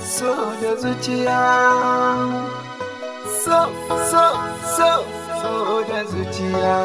so da zuciya so so so so da zuciya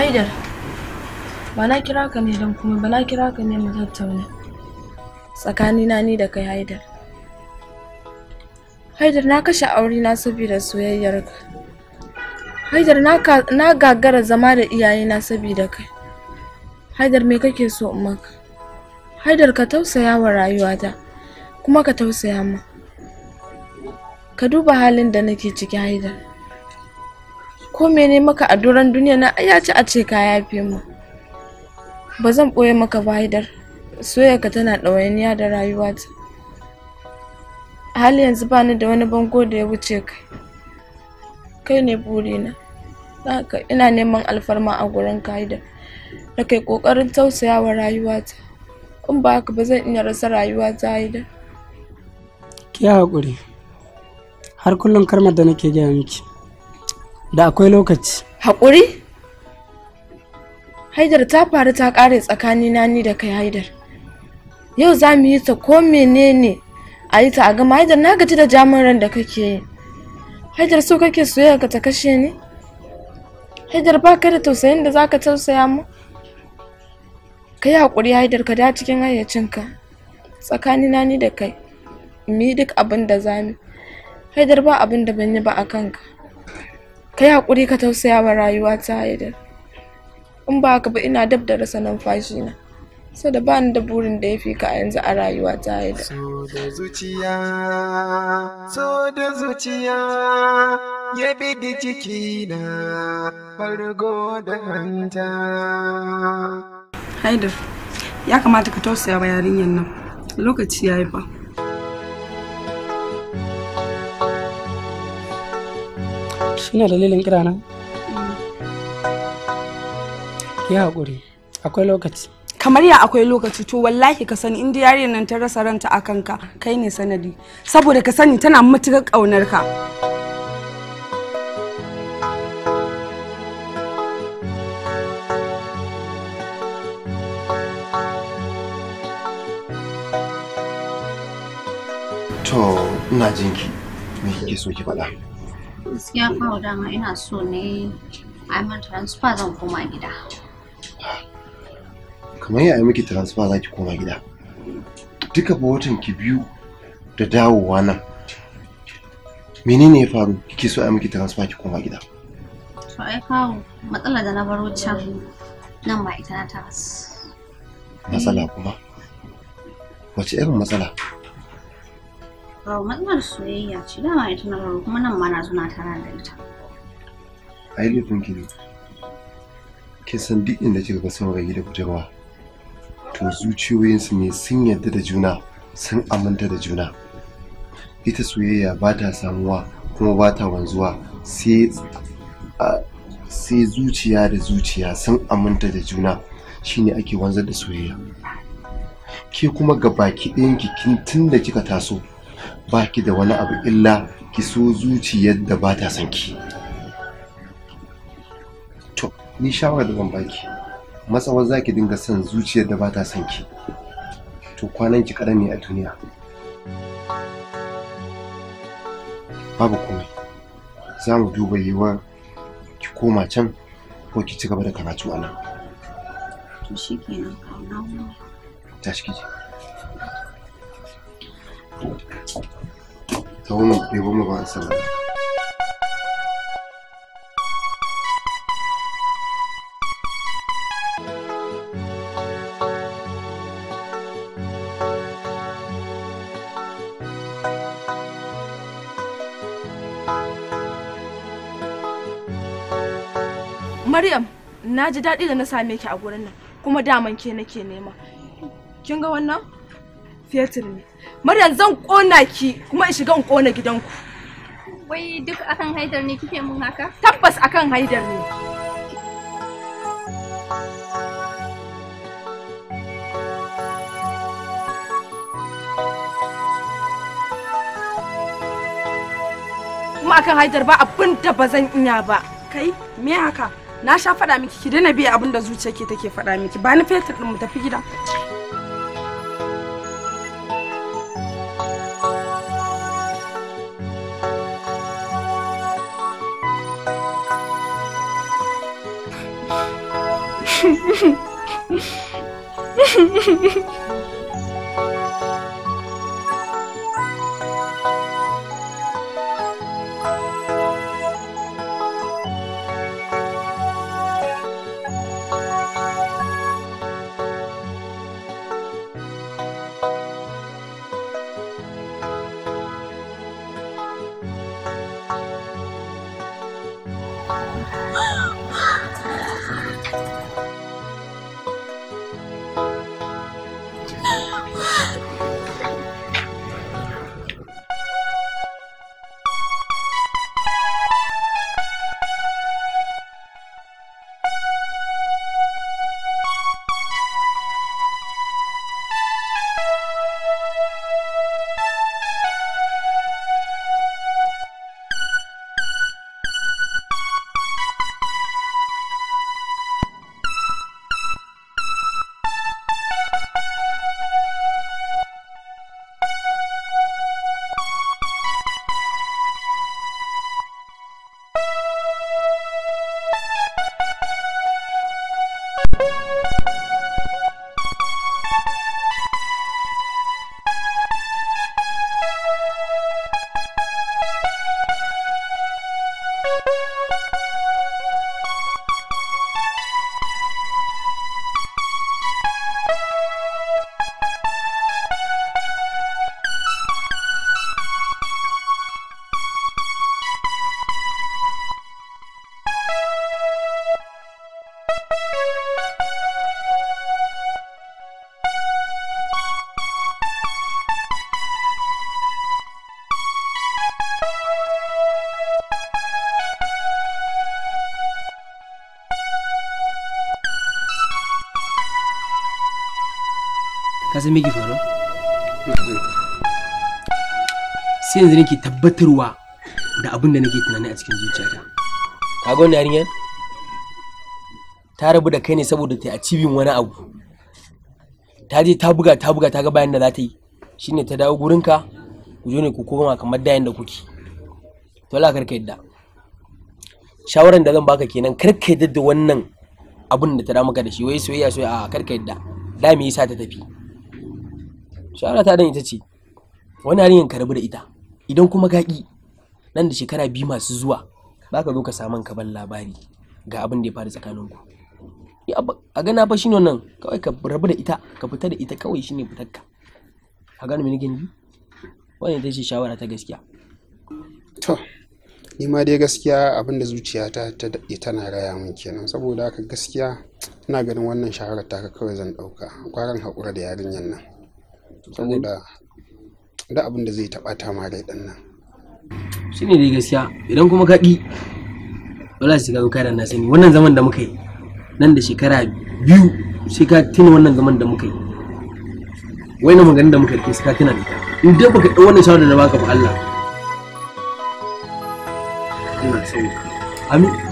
Haidar, ba na kira ka ne don kuma ba na kira ka ne mu tattauna. Tsakani na ni da kai Haidar. Haidar na kashe aure na saboda soyayyarka. Haidar na gagara zama da iyayena saboda kai. Haidar me kake so in maka? Haidar ka tausaya wa rayuwata kuma ka tausaya ma. Ka duba halin da nake ciki Haidar. ko mene maka a doron duniya na ya ci a ce ka yafe mu ba zan ɓoye maka ba haidar soyarka tana ɗawainiya da rayuwata hali yanzu ba ni da wani bango da ya wuce kai kai ne burina haka ina neman alfarma a gurin haidar da kai ƙoƙarin tausaya wa rayuwata in ba haka ba zan iya rasa rayuwata haidar ki haƙuri har kullum karmar da nake gaya miki da akwai lokaci haƙuri haidar ta faru ta ƙare tsakanina ni da kai haidar yau za mu yi ta ko menene a yi ta a gama haidar na gaji da jamin ran da kake yi haidar so kake soyayya ka ta kashe ni haidar ba ka da tausayin da za ka tausaya mu ka yi haƙuri haidar ka da cikin hayyacinka tsakanina ni da kai mu yi duk abin da za mu haidar ba abin da ban yi ba a kanka ka yi haƙuri ka tausaya wa rayuwa ta haida in ba ka ba ina dab da rasa numfashi na so da ba ni da burin da ya fi ka a yanzu a rayuwa ta haida. so da zuciya so da zuciya ya bi da ciki na fargo da hanta haida ya kamata ka tausaya wa yarinyar nan lokaci ya yi ba suna dalilin kira na ki haƙuri akwai lokaci kamar ya akwai lokaci to wallahi ka sani inda yare nan ta rasa ranta a kanka kai ne sanadi saboda ka sani tana matuƙar ƙaunar ka to ina jinki me kike so ki faɗa gaskiya kawo dama ina so ne a yi transfer zan koma gida kamar ya yi miki transfer za ki koma gida duka fa watan ki biyu da dawowa nan menene ya faru kike so a yi miki transfer ki koma gida to ai kawo matsala da na baro can nan ba ita na taras matsala kuma wace irin matsala kawo matsalar soyayya ce dama ita na kuma nan ma na tara da ita ai laifin ki ne kin san duk inda kika ga sun rayu da budurwa to zuciyoyinsu ne sun yarda da juna sun aminta da juna ita soyayya ba ta samuwa kuma ba ta wanzuwa sai zuciya da zuciya sun aminta da juna shine ake wanzar da soyayya ke kuma ga baki ɗayanki kin tun da kika taso baki da wani abu illa ki so zuciyar da ba ta son ki to ni shawara da zan baki matsawar za ki dinga son zuciyar da ba ta son ki to kwanan ki karami a duniya babu komai za mu duba yiwuwar ki koma can ko ki ci gaba da karatu a nan to shi Então, Maryam, na ji daɗi da na same ki a gurin nan, kuma daman ke nake nema. Kin ga wannan? fetur ne maryam zan kona ki kuma in shiga in kona gidanku wai duk akan haidar ne kike mun haka tabbas akan haidar ne kuma akan haidar ba abin da ba zan iya ba kai me haka na sha faɗa miki ki daina biya abin da zuciya ke take faɗa miki ba ni fetur ɗin mu tafi gida 哼哼，哼哼哼哼。ka san me faru sai yanzu nake tabbatarwa da abin da nake tunani a cikin zuciyata ka ga wani yarinyar ta rabu da kai ne saboda ta cibin wani abu ta je ta buga ta buga ta ga bayan da za ta yi shine ta dawo gurinka ku zo ne ku koma kamar dayan da kuke to Allah karka yadda shawaran da zan baka kenan karka yadda da wannan abun da ta da maka da shi wai soyayya soyayya a karka yadda da me yasa ta tafi shawara ta dan ita ce wani harin ka rabu da ita idan kuma gaƙi nan da shekara biyu masu zuwa baka zo ka samu ka labari ga abin da ya faru tsakaninku a gana fa shine wannan kawai ka rabu da ita ka fita da ita kawai shine fitarka ka gane mini gindi wani ita ce shawara ta gaskiya to ni ma dai gaskiya abin da zuciyata ta daɗe tana raya min kenan saboda haka gaskiya ina ganin wannan shaharar ta kawai zan ɗauka kwaran haƙura da yarinyar nan saboda da abin da zai taɓa ta ma dai ɗan nan shi dai gaskiya idan kuma ka ƙi wala su kai kada na sani wannan zaman da muka yi nan da shekara biyu sai ka tuna wannan zaman da muka yi wai na maganin da muka yi sai ka tuna da ita in dai baka ɗau wannan shawarar da na baka ba Allah ina so amin